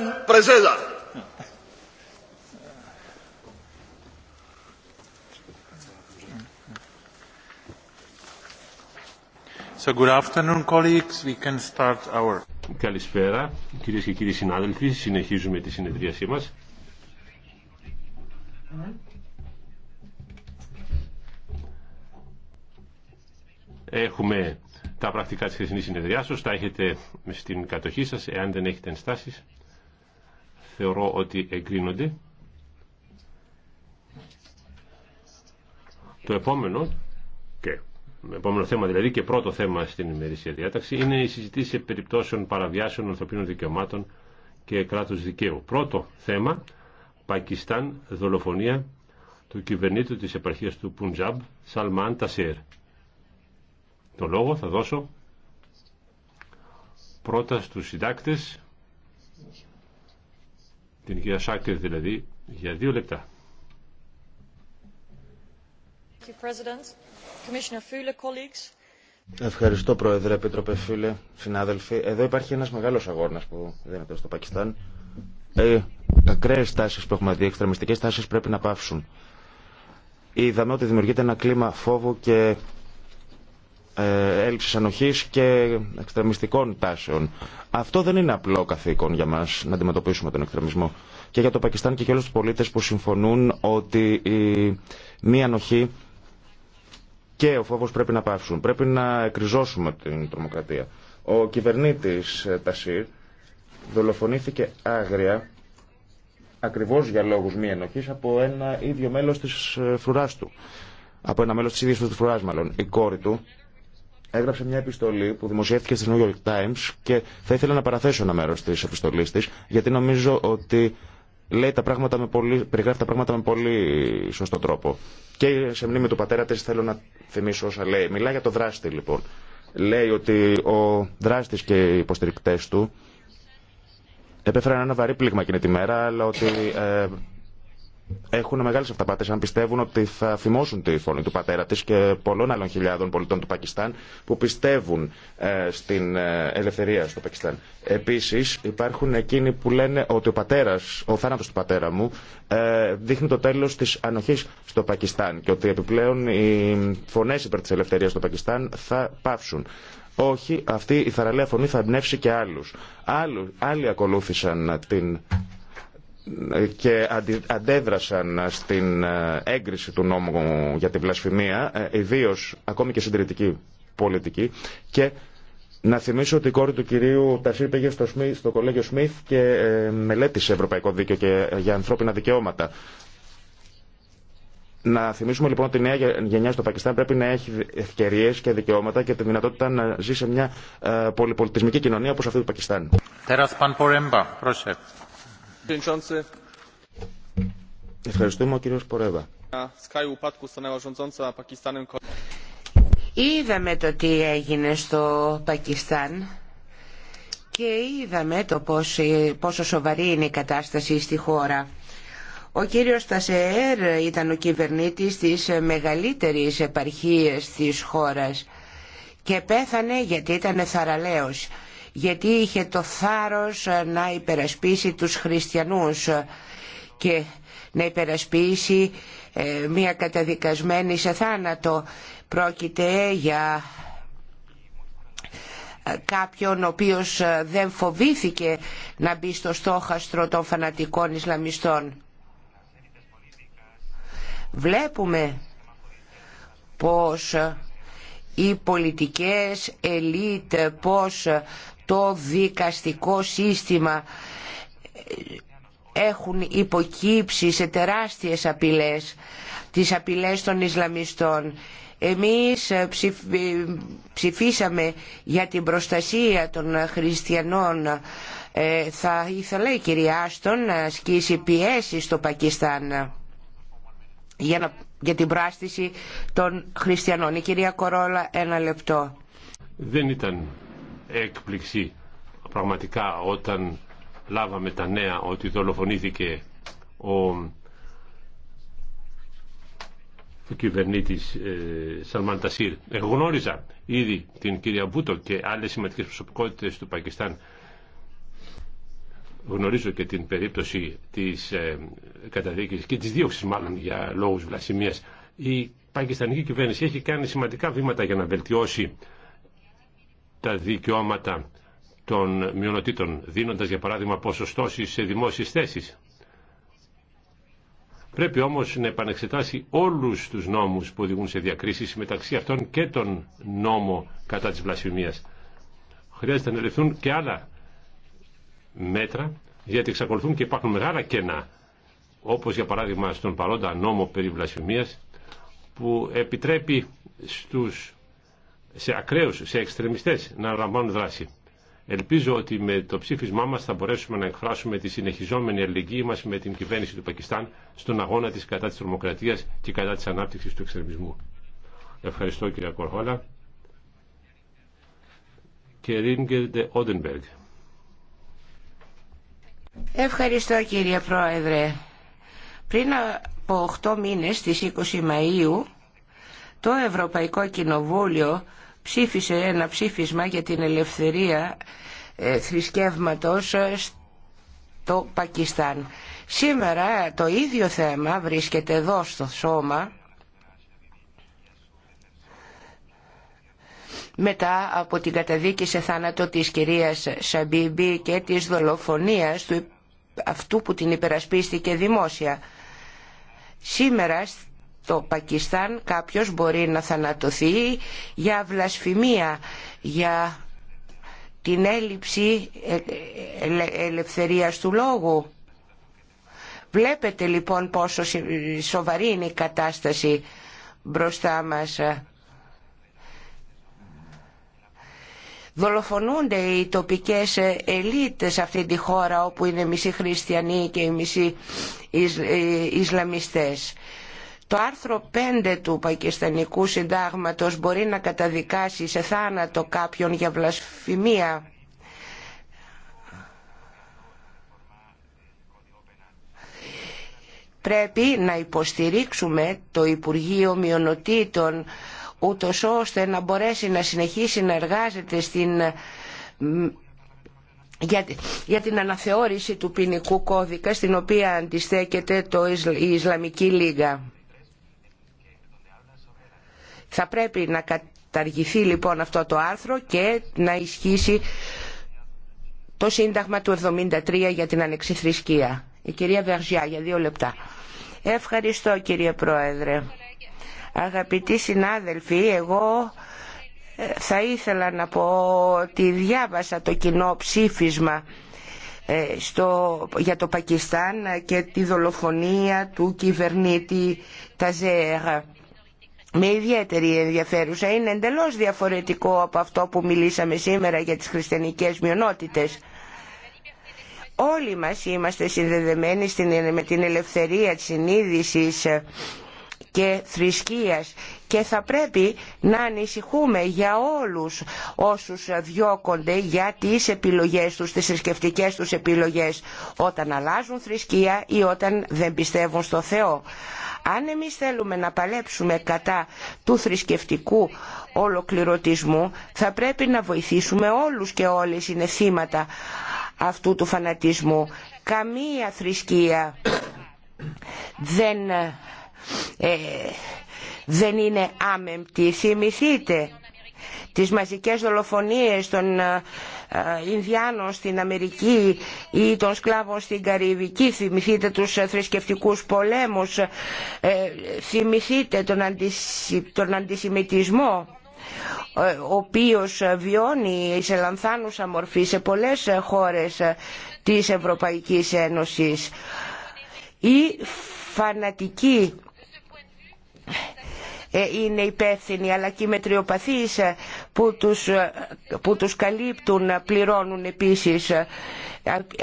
Pan So good afternoon, colleagues. We can start our... Καλησπέρα, κυρίες και κύριοι συνάδελφοι. Συνεχίζουμε τη συνεδρίασή μας. Έχουμε τα πρακτικά της χρησινής συνεδριάσεως, τα έχετε στην κατοχή σας, εάν δεν έχετε ενστάσεις θεωρώ ότι εγκρίνονται. Το επόμενο, και, επόμενο θέμα δηλαδή και πρώτο θέμα στην ημερήσια διάταξη είναι η συζητήση περιπτώσεων παραβιάσεων ανθρωπίνων δικαιωμάτων και κράτους δικαίου. Πρώτο θέμα, Πακιστάν, δολοφονία του κυβερνήτου της επαρχίας του Πουντζάμπ, Σαλμάν Τασέρ. Το λόγο θα δώσω πρώτα στους συντάκτες την κυρία Σάκερ δηλαδή, για δύο λεπτά. Ευχαριστώ Πρόεδρε, Επίτροπε Φίλε, συνάδελφοι. Εδώ υπάρχει ένας μεγάλος αγώνας που δίνεται στο Πακιστάν. Ε, τα τάσεις που έχουμε δει, οι εξτρεμιστικές τάσεις πρέπει να πάυσουν. Είδαμε ότι δημιουργείται ένα κλίμα φόβου και ε, έλλειψης ανοχής και εξτρεμιστικών τάσεων. Αυτό δεν είναι απλό καθήκον για μας να αντιμετωπίσουμε τον εξτρεμισμό. Και για το Πακιστάν και για όλους τους πολίτες που συμφωνούν ότι η μη ανοχή και ο φόβος πρέπει να πάυσουν. Πρέπει να εκριζώσουμε την τρομοκρατία. Ο κυβερνήτης ε, Τασίρ δολοφονήθηκε άγρια ακριβώς για λόγους μη ενοχής από ένα ίδιο μέλος της ε, φρουράς του. Από ένα μέλος της ίδιας του φρουράς μάλλον. Η κόρη του έγραψε μια επιστολή που δημοσιεύτηκε στις New York Times και θα ήθελα να παραθέσω ένα μέρος της επιστολής της γιατί νομίζω ότι λέει τα πράγματα με πολύ, περιγράφει τα πράγματα με πολύ σωστό τρόπο. Και σε μνήμη του πατέρα της θέλω να θυμίσω όσα λέει. Μιλά για το δράστη λοιπόν. Λέει ότι ο δράστης και οι υποστηρικτές του επέφεραν ένα βαρύ πλήγμα εκείνη τη μέρα αλλά ότι ε, έχουν μεγάλε αυταπάτε αν πιστεύουν ότι θα θυμώσουν τη φωνή του πατέρα τη και πολλών άλλων χιλιάδων πολιτών του Πακιστάν που πιστεύουν ε, στην ε, ελευθερία στο Πακιστάν. Επίση, υπάρχουν εκείνοι που λένε ότι ο πατέρα, ο θάνατο του πατέρα μου, ε, δείχνει το τέλο τη ανοχή στο Πακιστάν και ότι επιπλέον οι φωνέ υπέρ τη ελευθερία στο Πακιστάν θα πάυσουν. Όχι, αυτή η θαραλέα φωνή θα εμπνεύσει και άλλους. Άλλοι, άλλοι ακολούθησαν την και αντέδρασαν στην ε, έγκριση του νόμου για τη βλασφημία, ε, ιδίω ακόμη και συντηρητική πολιτική. Και να θυμίσω ότι η κόρη του κυρίου Τασίρ πήγε στο, Σμίθ, στο κολέγιο Σμιθ και ε, μελέτησε Ευρωπαϊκό Δίκαιο και για ανθρώπινα δικαιώματα. Να θυμίσουμε λοιπόν ότι η νέα γενιά στο Πακιστάν πρέπει να έχει ευκαιρίε και δικαιώματα και τη δυνατότητα να ζει σε μια πολυπολιτισμική κοινωνία όπω αυτή του Πακιστάν. Ευχαριστούμε ο κύριος Είδαμε το τι έγινε στο Πακιστάν και είδαμε το πόσο σοβαρή είναι η κατάσταση στη χώρα. Ο κύριος Τασεέρ ήταν ο κυβερνήτης της μεγαλύτερης επαρχίας της χώρας και πέθανε γιατί ήταν θαραλέος γιατί είχε το θάρρος ε, να υπερασπίσει τους χριστιανούς και να υπερασπίσει ε, μια καταδικασμένη σε θάνατο. Πρόκειται για ε, κάποιον ο οποίος δεν φοβήθηκε να μπει στο στόχαστρο των φανατικών Ισλαμιστών. Βλέπουμε πως οι πολιτικές ελίτ, πως το δικαστικό σύστημα έχουν υποκύψει σε τεράστιες απειλές, τις απειλές των Ισλαμιστών. Εμείς ε, ε, ψηφίσαμε για την προστασία των χριστιανών. Ε, θα ήθελα η κυρία Άστον να ασκήσει πιέσει στο Πακιστάν για, για την πράστηση των χριστιανών. Η κυρία Κορόλα, ένα λεπτό. Δεν ήταν έκπληξη πραγματικά όταν λάβαμε τα νέα ότι δολοφονήθηκε ο, ο κυβερνήτης ε, Σαλμαν ήδη την κυρία Μπούτο και άλλες σημαντικές προσωπικότητες του Πακιστάν. Γνωρίζω και την περίπτωση της ε, καταδίκης και της δίωξης μάλλον για λόγους βλασιμίας. Η πακιστανική κυβέρνηση έχει κάνει σημαντικά βήματα για να βελτιώσει τα δικαιώματα των μειονοτήτων, δίνοντας για παράδειγμα ποσοστώσεις σε δημόσιες θέσεις. Πρέπει όμως να επανεξετάσει όλους τους νόμους που οδηγούν σε διακρίσεις μεταξύ αυτών και τον νόμο κατά της βλασφημίας. Χρειάζεται να ελευθούν και άλλα μέτρα γιατί εξακολουθούν και υπάρχουν μεγάλα κενά όπως για παράδειγμα στον παρόντα νόμο περί βλασφημίας που επιτρέπει στους σε ακραίους, σε εξτρεμιστές να λαμβάνουν δράση. Ελπίζω ότι με το ψήφισμά μας θα μπορέσουμε να εκφράσουμε τη συνεχιζόμενη αλληλεγγύη μας με την κυβέρνηση του Πακιστάν στον αγώνα της κατά της τρομοκρατίας και κατά της ανάπτυξης του εξτρεμισμού. Ευχαριστώ κύριε Κορχόλα. Ευχαριστώ κύριε Πρόεδρε. Πριν από 8 μήνες, στις 20 Μαΐου, το Ευρωπαϊκό Κοινοβούλιο ψήφισε ένα ψήφισμα για την ελευθερία ε, θρησκεύματος ε, στο Πακιστάν. Σήμερα το ίδιο θέμα βρίσκεται εδώ στο σώμα μετά από την καταδίκη σε θάνατο της κυρίας Σαμπίμπη και της δολοφονίας του αυτού που την υπερασπίστηκε δημόσια. Σήμερα το Πακιστάν κάποιος μπορεί να θανατωθεί για βλασφημία, για την έλλειψη ε, ε, ε, ελευθερίας του λόγου. Βλέπετε λοιπόν πόσο σοβαρή είναι η κατάσταση μπροστά μας. Δολοφονούνται οι τοπικές ελίτες σε αυτή τη χώρα όπου είναι μισοί χριστιανοί και οι μισοί Ισλαμιστές. Το άρθρο 5 του Πακιστανικού Συντάγματος μπορεί να καταδικάσει σε θάνατο κάποιον για βλασφημία. Πρέπει να υποστηρίξουμε το Υπουργείο Μειονοτήτων ούτως ώστε να μπορέσει να συνεχίσει να εργάζεται στην για την αναθεώρηση του ποινικού κώδικα στην οποία αντιστέκεται η Ισλαμική Λίγα. Θα πρέπει να καταργηθεί λοιπόν αυτό το άρθρο και να ισχύσει το Σύνταγμα του 73 για την ανεξιθρησκεία. Η κυρία Βεργιά για δύο λεπτά. Ευχαριστώ κύριε Πρόεδρε. Αγαπητοί συνάδελφοι, εγώ ε, θα ήθελα να πω ότι διάβασα το κοινό ψήφισμα ε, στο, για το Πακιστάν και τη δολοφονία του κυβερνήτη Ταζέρα με ιδιαίτερη ενδιαφέρουσα. Είναι εντελώς διαφορετικό από αυτό που μιλήσαμε σήμερα για τις χριστιανικές μειονότητες. Όλοι μας είμαστε συνδεδεμένοι με την ελευθερία της συνείδησης και θρησκείας και θα πρέπει να ανησυχούμε για όλους όσους διώκονται για τις επιλογές τους, τις θρησκευτικέ τους επιλογές όταν αλλάζουν θρησκεία ή όταν δεν πιστεύουν στο Θεό. Αν εμείς θέλουμε να παλέψουμε κατά του θρησκευτικού ολοκληρωτισμού θα πρέπει να βοηθήσουμε όλους και όλες είναι θύματα αυτού του φανατισμού. Καμία θρησκεία δεν, ε, δεν είναι άμεμπτη. Θυμηθείτε τις μαζικές δολοφονίες των ε, ε, Ινδιάνων στην Αμερική ή των σκλάβων στην Καρυβική. Θυμηθείτε τους ε, θρησκευτικούς πολέμους, ε, θυμηθείτε τον, αντισημιτισμό ο οποίος βιώνει σε λανθάνουσα μορφή σε πολλές χώρες της Ευρωπαϊκής Ένωσης. Η φανατική ε, είναι υπεύθυνοι αλλά και οι μετριοπαθείς ε, που τους, ε, που τους καλύπτουν πληρώνουν επίσης.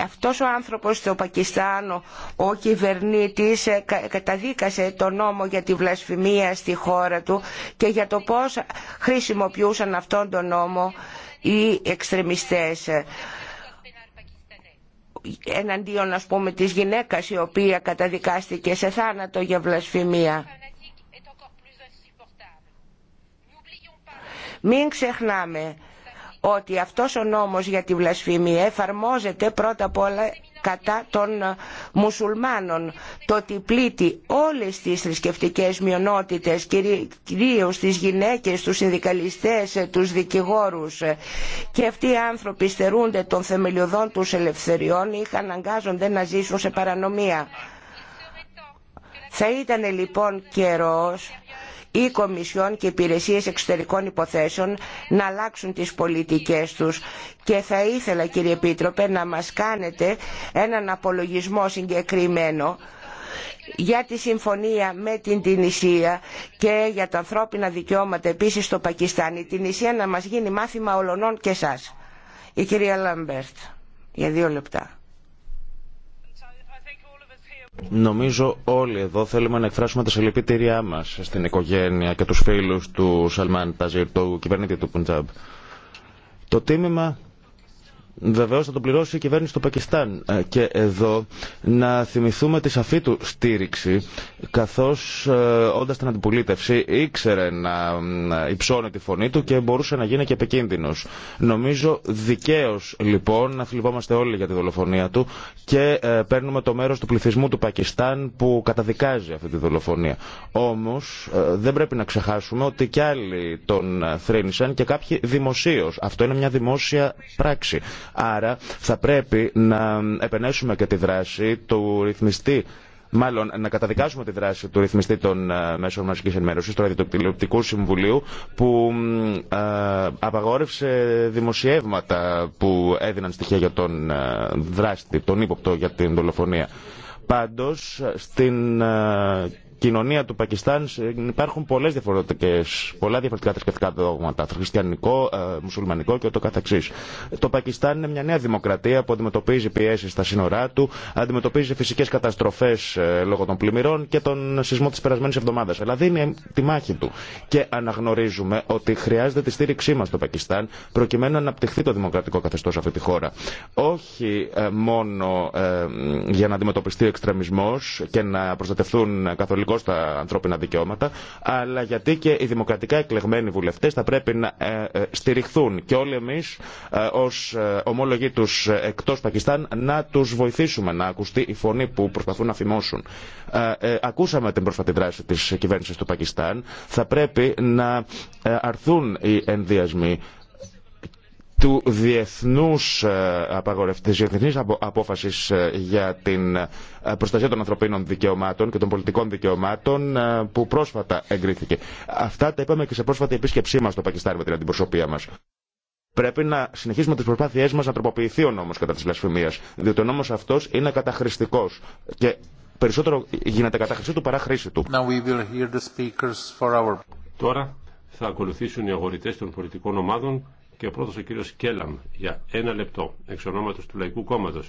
Αυτός ο άνθρωπος στο Πακιστάν, ο κυβερνήτης, καταδίκασε τον νόμο για τη βλασφημία στη χώρα του και για το πώς χρησιμοποιούσαν αυτόν τον νόμο οι εξτρεμιστές εναντίον ας πούμε της γυναίκας η οποία καταδικάστηκε σε θάνατο για βλασφημία. Μην ξεχνάμε ότι αυτός ο νόμος για τη βλασφημία εφαρμόζεται πρώτα απ' όλα κατά των μουσουλμάνων. Το ότι πλήττει όλες τις θρησκευτικέ μειονότητες, κυρίως τις γυναίκες, τους συνδικαλιστές, τους δικηγόρους και αυτοί οι άνθρωποι στερούνται των θεμελιωδών τους ελευθεριών ή αναγκάζονται να ζήσουν σε παρανομία. Θα ήταν λοιπόν καιρός η Κομισιόν και οι υπηρεσίες εξωτερικών υποθέσεων να αλλάξουν τις πολιτικές τους και θα ήθελα κύριε Επίτροπε να μας κάνετε έναν απολογισμό συγκεκριμένο για τη συμφωνία με την Τινησία και για τα ανθρώπινα δικαιώματα επίσης στο Πακιστάν. Η Τινησία να μας γίνει μάθημα ολονών και σας. Η κυρία Λαμπέρτ για δύο λεπτά. Νομίζω όλοι εδώ θέλουμε να εκφράσουμε τα συλληπιτήριά μα στην οικογένεια και του φίλου του Σαλμάν Ταζίρ, του κυβερνήτη του Πουντζάμπ. Το τίμημα Βεβαίω θα το πληρώσει η κυβέρνηση του Πακιστάν. Ε, και εδώ να θυμηθούμε τη σαφή του στήριξη, καθώ ε, όντα την αντιπολίτευση ήξερε να υψώνει τη φωνή του και μπορούσε να γίνει και επικίνδυνο. Νομίζω δικαίω λοιπόν να θλιβόμαστε όλοι για τη δολοφονία του και ε, παίρνουμε το μέρο του πληθυσμού του Πακιστάν που καταδικάζει αυτή τη δολοφονία. Όμω δεν πρέπει να ξεχάσουμε ότι κι άλλοι τον θρύνησαν και κάποιοι δημοσίω. Αυτό είναι μια δημόσια πράξη. Άρα θα πρέπει να επενέσουμε και τη δράση του ρυθμιστή μάλλον να καταδικάσουμε τη δράση του ρυθμιστή των ε, μέσων μαζικής ενημέρωσης, του Ραδιοτηλεοπτικού Συμβουλίου, που ε, απαγόρευσε δημοσιεύματα που έδιναν στοιχεία για τον ε, δράστη, τον ύποπτο για την δολοφονία. Πάντως, στην κοινωνία του Πακιστάν υπάρχουν πολλές διαφορετικές, πολλά διαφορετικά θρησκευτικά δόγματα, χριστιανικό, ε, μουσουλμανικό και ούτω καθεξής. Το Πακιστάν είναι μια νέα δημοκρατία που αντιμετωπίζει πιέσεις στα σύνορά του, αντιμετωπίζει φυσικές καταστροφές ε, λόγω των πλημμυρών και τον σεισμό της περασμένης εβδομάδας. Αλλά δίνει τη μάχη του και αναγνωρίζουμε ότι χρειάζεται τη στήριξή μας στο Πακιστάν προκειμένου να αναπτυχθεί το δημοκρατικό καθεστώς αυτή τη χώρα. Όχι ε, μόνο για να αντιμετωπιστεί ο εξτρεμισμός και να προστατευτούν καθολικοί κόστα τα ανθρώπινα δικαιώματα, αλλά γιατί και οι δημοκρατικά εκλεγμένοι βουλευτέ θα πρέπει να ε, ε, στηριχθούν και όλοι εμεί ε, ω ομόλογοι του εκτό Πακιστάν να του βοηθήσουμε να ακουστεί η φωνή που προσπαθούν να φημώσουν. Ακούσαμε την πρόσφατη δράση τη κυβέρνηση του Πακιστάν. Θα πρέπει να αρθούν οι ενδιασμοί του διεθνούς ε, απαγορευτής, διεθνής απόφασης ε, για την ε, προστασία των ανθρωπίνων δικαιωμάτων και των πολιτικών δικαιωμάτων που πρόσφατα εγκρίθηκε. Αυτά τα είπαμε και σε πρόσφατη επίσκεψή μας στο Πακιστάν με την αντιπροσωπεία μας. Πρέπει να συνεχίσουμε τι προσπάθειέ μα να τροποποιηθεί ο νόμο κατά τη βλασφημία. Διότι ο νόμο αυτό είναι καταχρηστικό. Και περισσότερο γίνεται καταχρηστή του παρά χρήση του. Τώρα θα ακολουθήσουν οι αγορητέ των πολιτικών ομάδων και ο πρώτο ο κύριο Κέλαμ για ένα λεπτό εξ ονόματο του Λαϊκού κόμματο.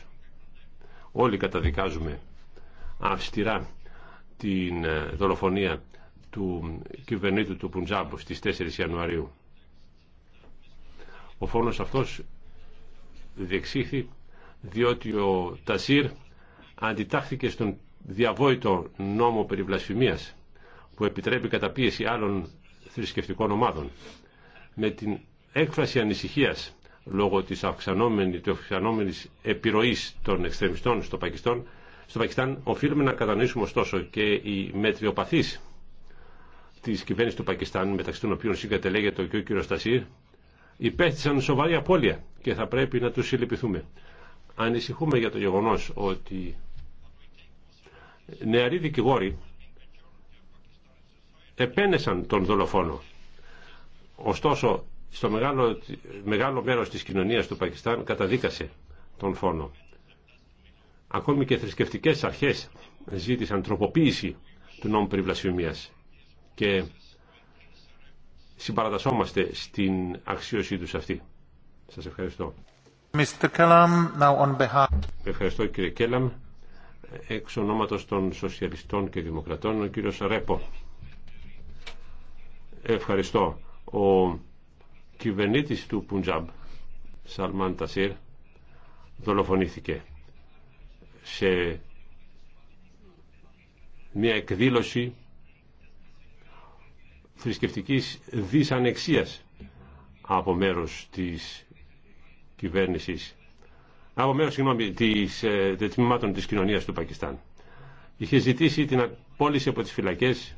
Όλοι καταδικάζουμε αυστηρά την ε, δολοφονία του κυβερνήτου του Πουντζάμπου στις 4 Ιανουαρίου. Ο φόνος αυτός διεξήχθη διότι ο Τασίρ αντιτάχθηκε στον διαβόητο νόμο περί βλασφημίας που επιτρέπει καταπίεση άλλων θρησκευτικών ομάδων. Με την έκφραση ανησυχίας λόγω της αυξανόμενης, της αυξανόμενης επιρροής των εξτρεμιστών στο Πακιστάν, στο Πακιστάν οφείλουμε να κατανοήσουμε ωστόσο και οι μετριοπαθείς της κυβέρνησης του Πακιστάν, μεταξύ των οποίων συγκατελέγεται και ο κ. Στασίρ, υπέστησαν σοβαρή απώλεια και θα πρέπει να τους συλληπιθούμε. Ανησυχούμε για το γεγονός ότι νεαροί δικηγόροι επένεσαν τον δολοφόνο. Ωστόσο, στο μεγάλο, μεγάλο μέρος της κοινωνίας του Πακιστάν καταδίκασε τον φόνο. Ακόμη και θρησκευτικέ αρχές ζήτησαν τροποποίηση του νόμου περιβλασιομίας και συμπαρατασσόμαστε στην αξίωσή τους αυτή. Σας ευχαριστώ. Mr. Kellam, now on behalf... Ευχαριστώ κύριε Κέλαμ. Εξ ονόματος των Σοσιαλιστών και Δημοκρατών, ο κύριος Ρέπο. Ευχαριστώ κυβερνήτης του Πουντζάμπ, Σαλμάν Τασίρ, δολοφονήθηκε σε μια εκδήλωση θρησκευτικής δυσανεξίας από μέρος της κυβέρνησης από μέρος συγγνώμη, της, ε, της κοινωνίας του Πακιστάν. Είχε ζητήσει την απόλυση από τις φυλακές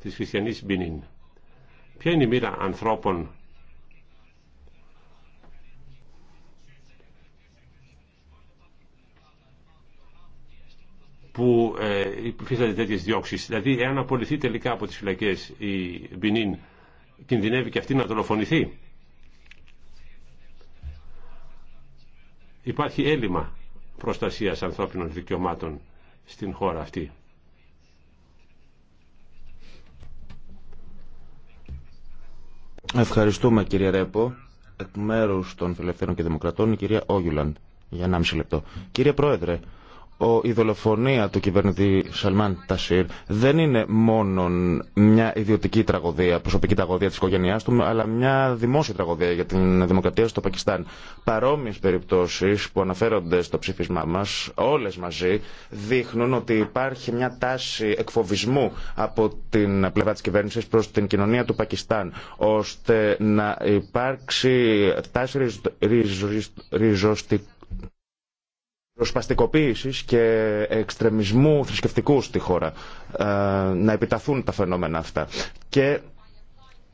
της χριστιανής Μπινίν. Ποια είναι η μοίρα ανθρώπων που ε, υφίστανται τέτοιε διώξει. Δηλαδή, εάν απολυθεί τελικά από τι φυλακέ η Μπινίν, κινδυνεύει και αυτή να δολοφονηθεί. Υπάρχει έλλειμμα προστασίας ανθρώπινων δικαιωμάτων στην χώρα αυτή. Ευχαριστούμε κύριε Ρέπο. Εκ μέρου των Φιλελευθέρων και Δημοκρατών, η κυρία Όγιουλαν. Για 1,5 λεπτό. Κύριε Πρόεδρε, η δολοφονία του κυβερνητή Σαλμάν Τασίρ δεν είναι μόνο μια ιδιωτική τραγωδία, προσωπική τραγωδία της οικογένειάς του, αλλά μια δημόσια τραγωδία για την δημοκρατία στο Πακιστάν. Παρόμοιες περιπτώσεις που αναφέρονται στο ψήφισμά μας, όλες μαζί, δείχνουν ότι υπάρχει μια τάση εκφοβισμού από την πλευρά της κυβέρνησης προς την κοινωνία του Πακιστάν, ώστε να υπάρξει τάση ριζοστική προσπαστικοποίησης και εξτρεμισμού θρησκευτικού στη χώρα ε, να επιταθούν τα φαινόμενα αυτά. Και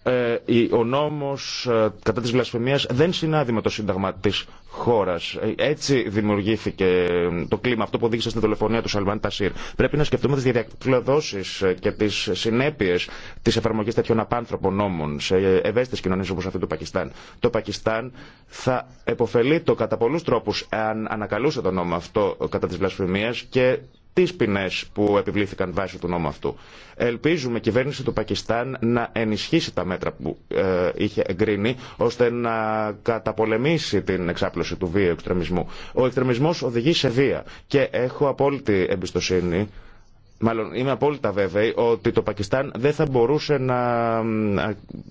ε, ο νόμος ε, κατά της βλασφημίας δεν συνάδει με το σύνταγμα της χώρας. Ε, έτσι δημιουργήθηκε το κλίμα αυτό που οδήγησε στην δολοφονία του Σαλβάν Τασίρ. Πρέπει να σκεφτούμε τις διακλαδώσεις και τις συνέπειες της εφαρμογής τέτοιων απάνθρωπων νόμων σε ευαίσθητες κοινωνίες όπως αυτή του Πακιστάν. Το Πακιστάν θα επωφελεί το κατά πολλού τρόπους αν ανακαλούσε το νόμο αυτό κατά της βλασφημίας και τι ποινέ που επιβλήθηκαν βάσει του νόμου αυτού. Ελπίζουμε η κυβέρνηση του Πακιστάν να ενισχύσει τα μέτρα που ε, είχε εγκρίνει ώστε να καταπολεμήσει την εξάπλωση του βίαιου εξτρεμισμού. Ο εξτρεμισμό οδηγεί σε βία και έχω απόλυτη εμπιστοσύνη Μάλλον είμαι απόλυτα βέβαιη ότι το Πακιστάν δεν θα μπορούσε να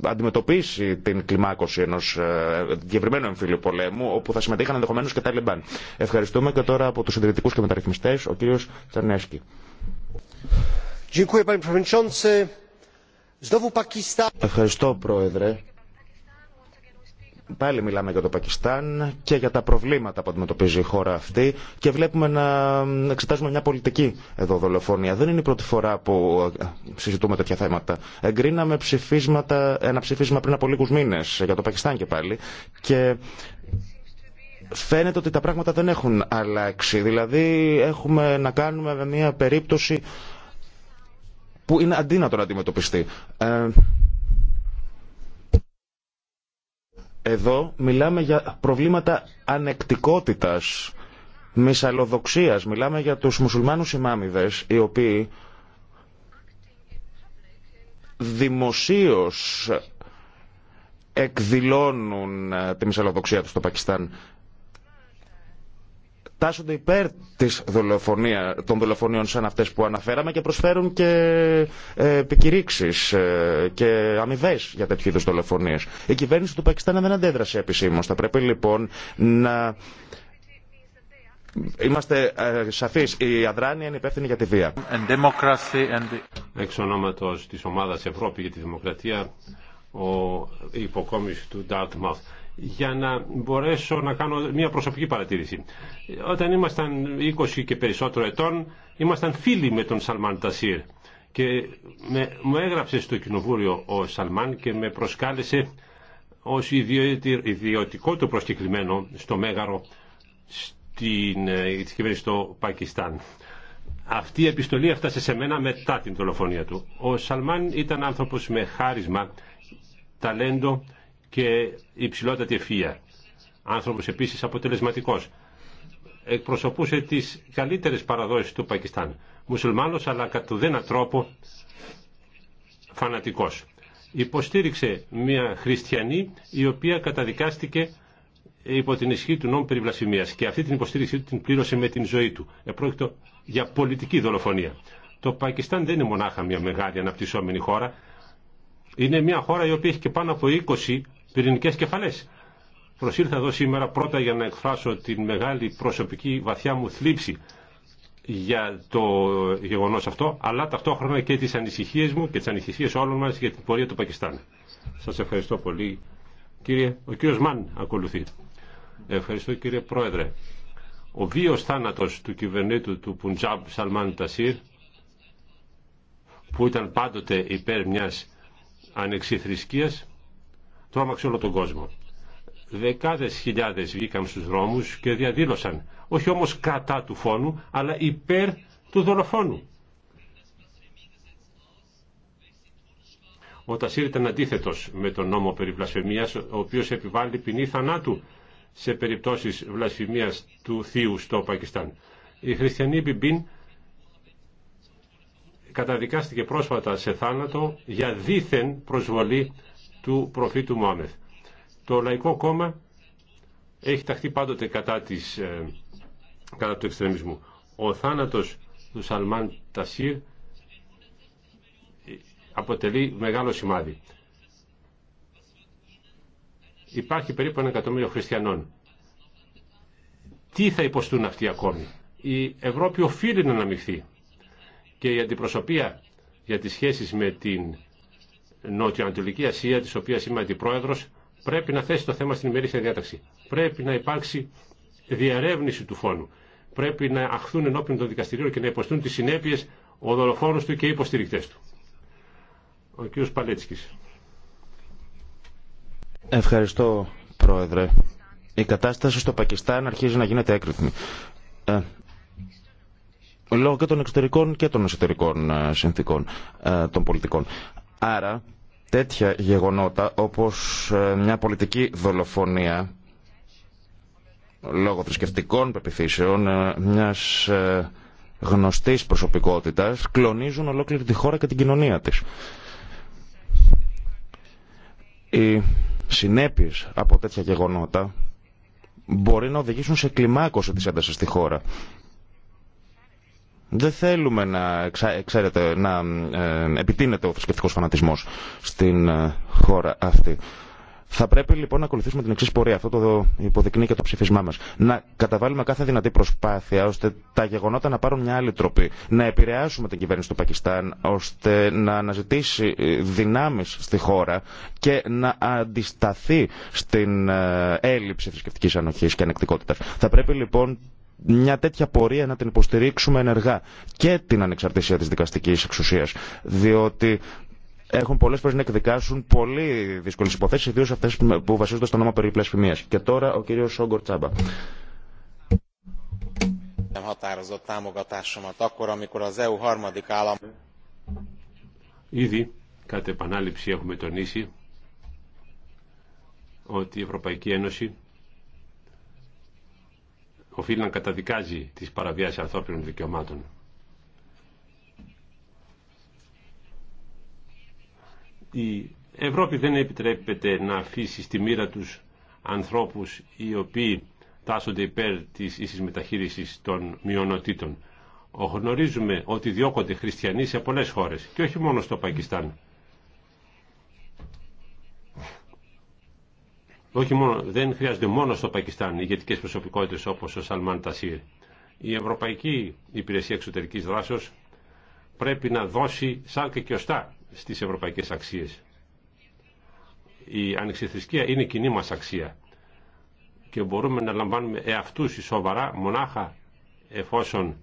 αντιμετωπίσει την κλιμάκωση ενό ε, διευρυμένου εμφύλιου πολέμου, όπου θα συμμετείχαν ενδεχομένω και τα Λιμπάν. Ευχαριστούμε και τώρα από του συντηρητικού και μεταρρυθμιστέ, ο κύριο Τσανέσκι. Ευχαριστώ, Πρόεδρε. Πάλι μιλάμε για το Πακιστάν και για τα προβλήματα που αντιμετωπίζει η χώρα αυτή και βλέπουμε να εξετάζουμε μια πολιτική εδώ δολοφονία. Δεν είναι η πρώτη φορά που ε, συζητούμε τέτοια θέματα. Εγκρίναμε ψηφίσματα, ένα ψήφισμα πριν από λίγους μήνες για το Πακιστάν και πάλι και φαίνεται ότι τα πράγματα δεν έχουν αλλάξει. Δηλαδή έχουμε να κάνουμε με μια περίπτωση που είναι αντί να αντιμετωπιστεί. Ε, Εδώ μιλάμε για προβλήματα ανεκτικότητας, μυσαλλοδοξίας. Μιλάμε για τους μουσουλμάνους ημάμιδες, οι οποίοι δημοσίως εκδηλώνουν τη μυσαλλοδοξία τους στο Πακιστάν τάσσονται υπέρ της δολοφονία, των δολοφονίων σαν αυτές που αναφέραμε και προσφέρουν και ε, επικηρύξεις ε, και αμοιβέ για τέτοιου είδους δολοφονίες. Η κυβέρνηση του Πακιστάν δεν αντέδρασε επισήμως. Θα πρέπει λοιπόν να... Είμαστε ε, σαφείς. Η αδράνεια είναι υπεύθυνη για τη βία. της ομάδας Ευρώπη για τη Δημοκρατία, ο υποκόμις του Dartmouth για να μπορέσω να κάνω μια προσωπική παρατήρηση. Όταν ήμασταν 20 και περισσότερο ετών, ήμασταν φίλοι με τον Σαλμάν Τασίρ και με, μου έγραψε στο κοινοβούριο ο Σαλμάν και με προσκάλεσε ως ιδιωτικό του προσκεκλημένο στο Μέγαρο ε, στην, κυβέρνηση στο Πακιστάν. Αυτή η επιστολή έφτασε σε μένα μετά την δολοφονία του. Ο Σαλμάν ήταν άνθρωπος με χάρισμα ταλέντο και υψηλότατη ευφυΐα. Άνθρωπος επίσης αποτελεσματικός. Εκπροσωπούσε τις καλύτερες παραδόσεις του Πακιστάν. Μουσουλμάνος αλλά κατ' ουδένα τρόπο φανατικός. Υποστήριξε μια χριστιανή η οποία καταδικάστηκε υπό την ισχύ του νόμου περιβλασιμίας και αυτή την υποστήριξη την πλήρωσε με την ζωή του. Επρόκειτο για πολιτική δολοφονία. Το Πακιστάν δεν είναι μονάχα μια μεγάλη αναπτυσσόμενη χώρα, είναι μια χώρα η οποία έχει και πάνω από 20 πυρηνικέ κεφαλές. Προσήλθα εδώ σήμερα πρώτα για να εκφράσω την μεγάλη προσωπική βαθιά μου θλίψη για το γεγονός αυτό, αλλά ταυτόχρονα και τι ανησυχίε μου και τι ανησυχίε όλων μα για την πορεία του Πακιστάν. Σας ευχαριστώ πολύ. Κύριε, ο κύριος Μαν ακολουθεί. Ευχαριστώ κύριε Πρόεδρε. Ο βίο θάνατο του κυβερνήτου του Πουντζάμπ Σαλμάν Τασίρ που ήταν πάντοτε υπέρ μιας ανεξιθρησκείας τρόμαξε όλο τον κόσμο. Δεκάδες χιλιάδες βγήκαν στους δρόμους και διαδήλωσαν, όχι όμως κατά του φόνου, αλλά υπέρ του δολοφόνου. Ο Τασίρ ήταν αντίθετο με τον νόμο περί βλασφημίας, ο οποίος επιβάλλει ποινή θανάτου σε περιπτώσεις βλασφημίας του θείου στο Πακιστάν. Οι χριστιανοί Μπιμπίν καταδικάστηκε πρόσφατα σε θάνατο για δίθεν προσβολή του προφήτου Μωάμεθ. Το Λαϊκό Κόμμα έχει ταχθεί πάντοτε κατά, της, ε, κατά του εξτρεμισμού. Ο θάνατος του Σαλμάν Τασίρ ε, αποτελεί μεγάλο σημάδι. Υπάρχει περίπου ένα εκατομμύριο χριστιανών. Τι θα υποστούν αυτοί ακόμη. Η Ευρώπη οφείλει να αναμειχθεί και η αντιπροσωπεία για τις σχέσεις με την Νότιο-Ανατολική Ασία, της οποίας είμαι αντιπρόεδρος, πρέπει να θέσει το θέμα στην ημερήσια διάταξη. Πρέπει να υπάρξει διαρεύνηση του φόνου. Πρέπει να αχθούν ενώπιον των δικαστηρίων και να υποστούν τις συνέπειες ο δολοφόνος του και οι υποστηρικτές του. Ο κ. Παλέτσκης. Ευχαριστώ, Πρόεδρε. Η κατάσταση στο Πακιστάν αρχίζει να γίνεται έκρηθμη. Ε, λόγω και των εξωτερικών και των εσωτερικών ε, συνθήκων ε, των πολιτικών. Άρα τέτοια γεγονότα όπως ε, μια πολιτική δολοφονία λόγω θρησκευτικών πεπιθήσεων μιας γνωστής προσωπικότητας κλονίζουν ολόκληρη τη χώρα και την κοινωνία της. Οι συνέπειες από τέτοια γεγονότα μπορεί να οδηγήσουν σε κλιμάκωση της έντασης στη χώρα δεν θέλουμε να, ξέρετε, να ε, επιτείνεται ο θρησκευτικό φανατισμό στην ε, χώρα αυτή. Θα πρέπει λοιπόν να ακολουθήσουμε την εξή πορεία. Αυτό το υποδεικνύει και το ψήφισμά μα. Να καταβάλουμε κάθε δυνατή προσπάθεια ώστε τα γεγονότα να πάρουν μια άλλη τροπή. Να επηρεάσουμε την κυβέρνηση του Πακιστάν ώστε να αναζητήσει ε, δυνάμει στη χώρα και να αντισταθεί στην έλλειψη θρησκευτική ανοχή και ανεκτικότητα. Θα πρέπει λοιπόν μια τέτοια πορεία να την υποστηρίξουμε ενεργά και την ανεξαρτησία της δικαστικής εξουσίας. Διότι έχουν πολλέ φορέ να εκδικάσουν πολύ δύσκολε υποθέσει, ιδίω αυτέ που βασίζονται στο νόμο περί πλασφημία. Και τώρα ο κύριο Σόγκορ Τσάμπα. E Ήδη κατ' επανάληψη έχουμε τονίσει ότι η Ευρωπαϊκή Ένωση οφείλει να καταδικάζει τις παραβιάσεις ανθρώπινων δικαιωμάτων. Η Ευρώπη δεν επιτρέπεται να αφήσει στη μοίρα τους ανθρώπους οι οποίοι τάσσονται υπέρ της ίσης μεταχείρισης των μειονοτήτων. Γνωρίζουμε ότι διώκονται χριστιανοί σε πολλές χώρες και όχι μόνο στο Πακιστάν. όχι μόνο, δεν χρειάζονται μόνο στο Πακιστάν ηγετικέ προσωπικότητες όπω ο Σαλμάν Τασίρ. Η Ευρωπαϊκή Υπηρεσία Εξωτερική Δράσεω πρέπει να δώσει σάρκα και οστά στι ευρωπαϊκέ αξίε. Η ανεξιθρησκεία είναι κοινή μα αξία και μπορούμε να λαμβάνουμε εαυτού σοβαρά μονάχα εφόσον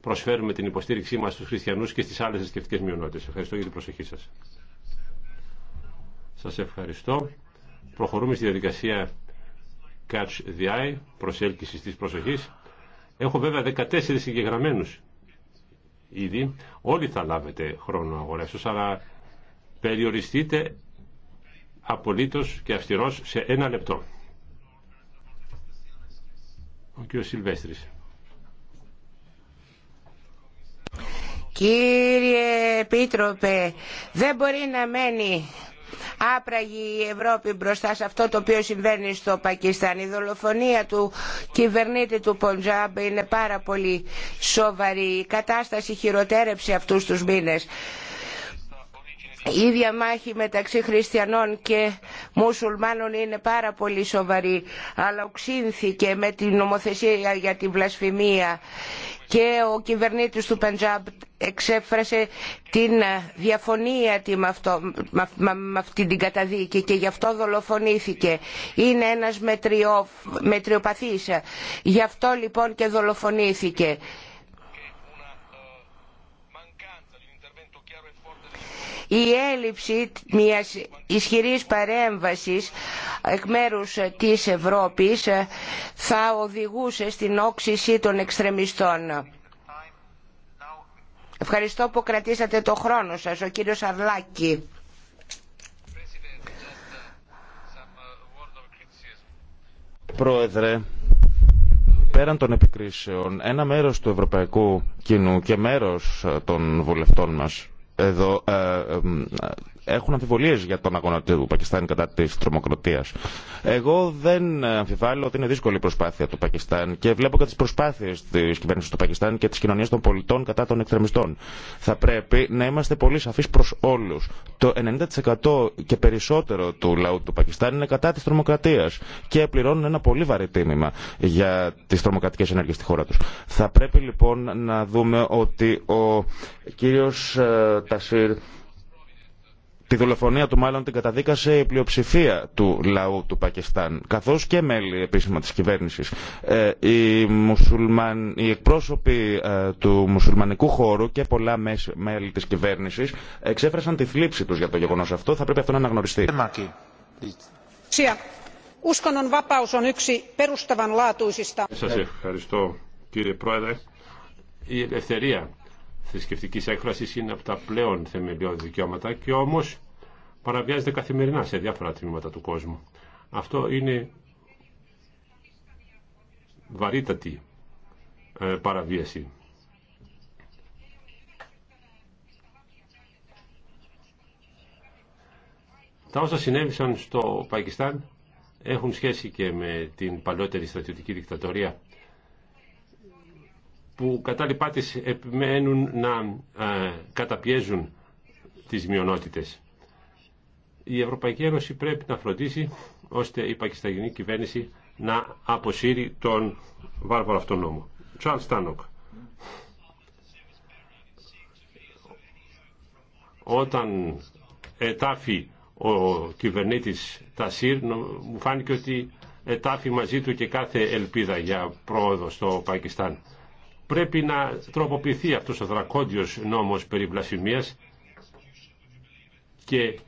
προσφέρουμε την υποστήριξή μα στους Χριστιανού και στι άλλε θρησκευτικέ μειονότητε. Ευχαριστώ για την προσοχή σα. Σας ευχαριστώ. Προχωρούμε στη διαδικασία Catch the Eye, προσέλκυση της προσοχής. Έχω βέβαια 14 συγγεγραμμένου ήδη. Όλοι θα λάβετε χρόνο σα, αλλά περιοριστείτε απολύτω και αυστηρό σε ένα λεπτό. Ο κ. Σιλβέστρης. Κύριε Επίτροπε, δεν μπορεί να μένει άπραγη η Ευρώπη μπροστά σε αυτό το οποίο συμβαίνει στο Πακιστάν. Η δολοφονία του κυβερνήτη του Ποντζάμπ είναι πάρα πολύ σοβαρή. Η κατάσταση χειροτέρεψε αυτούς τους μήνες. Η διαμάχη μεταξύ χριστιανών και μουσουλμάνων είναι πάρα πολύ σοβαρή αλλά οξύνθηκε με την νομοθεσία για τη βλασφημία και ο κυβερνήτης του Πεντζάμπ εξέφρασε την ε, διαφωνία τη με, αυτή την καταδίκη και γι' αυτό δολοφονήθηκε. Είναι ένας μετριοπαθής, γι' αυτό λοιπόν και δολοφονήθηκε. η έλλειψη μιας ισχυρής παρέμβασης εκ μέρους της Ευρώπης θα οδηγούσε στην όξυση των εξτρεμιστών. Ευχαριστώ που κρατήσατε το χρόνο σας, ο κύριος Αρλάκη. Πρόεδρε, πέραν των επικρίσεων, ένα μέρος του Ευρωπαϊκού Κοινού και μέρος των βουλευτών μας εδώ ε, ε, έχουν αμφιβολίε για τον αγώνα του Πακιστάν κατά τη τρομοκρατία. Εγώ δεν αμφιβάλλω ότι είναι δύσκολη η προσπάθεια του Πακιστάν και βλέπω και τι προσπάθειε τη κυβέρνηση του Πακιστάν και τη κοινωνία των πολιτών κατά των εκτρεμιστών. Θα πρέπει να είμαστε πολύ σαφεί προ όλου. Το 90% και περισσότερο του λαού του Πακιστάν είναι κατά τη τρομοκρατία και πληρώνουν ένα πολύ βαρύ τίμημα για τι τρομοκρατικέ ενέργειε στη χώρα του. Θα πρέπει λοιπόν να δούμε ότι ο κύριο ε, Τασίρ Τη δολοφονία του μάλλον την καταδίκασε η πλειοψηφία του λαού του Πακιστάν, καθώς και μέλη επίσημα της κυβέρνησης. Ε, οι, μουσουλμαν, οι εκπρόσωποι ε, του μουσουλμανικού χώρου και πολλά μέλη της κυβέρνησης εξέφρασαν τη θλίψη τους για το γεγονός αυτό. Θα πρέπει αυτό να αναγνωριστεί. Σας ευχαριστώ κύριε Πρόεδρε. Η ελευθερία θρησκευτικής έκφρασης είναι από τα πλέον θεμελιώδη δικαιώματα και όμως παραβιάζεται καθημερινά σε διάφορα τμήματα του κόσμου. Αυτό είναι βαρύτατη ε, παραβίαση. Τα όσα συνέβησαν στο Πακιστάν έχουν σχέση και με την παλαιότερη στρατιωτική δικτατορία που κατά λοιπά επιμένουν να ε, καταπιέζουν τις μειονότητες. Η Ευρωπαϊκή Ένωση πρέπει να φροντίσει ώστε η πακιστανική κυβέρνηση να αποσύρει τον βάρβαρο αυτόν νόμο. Τσάρλ Στάνοκ. Όταν ετάφη ο κυβερνήτης Τασίρ μου φάνηκε ότι ετάφη μαζί του και κάθε ελπίδα για πρόοδο στο Πακιστάν πρέπει να τροποποιηθεί αυτός ο δρακόντιος νόμος περί βλασφημίας και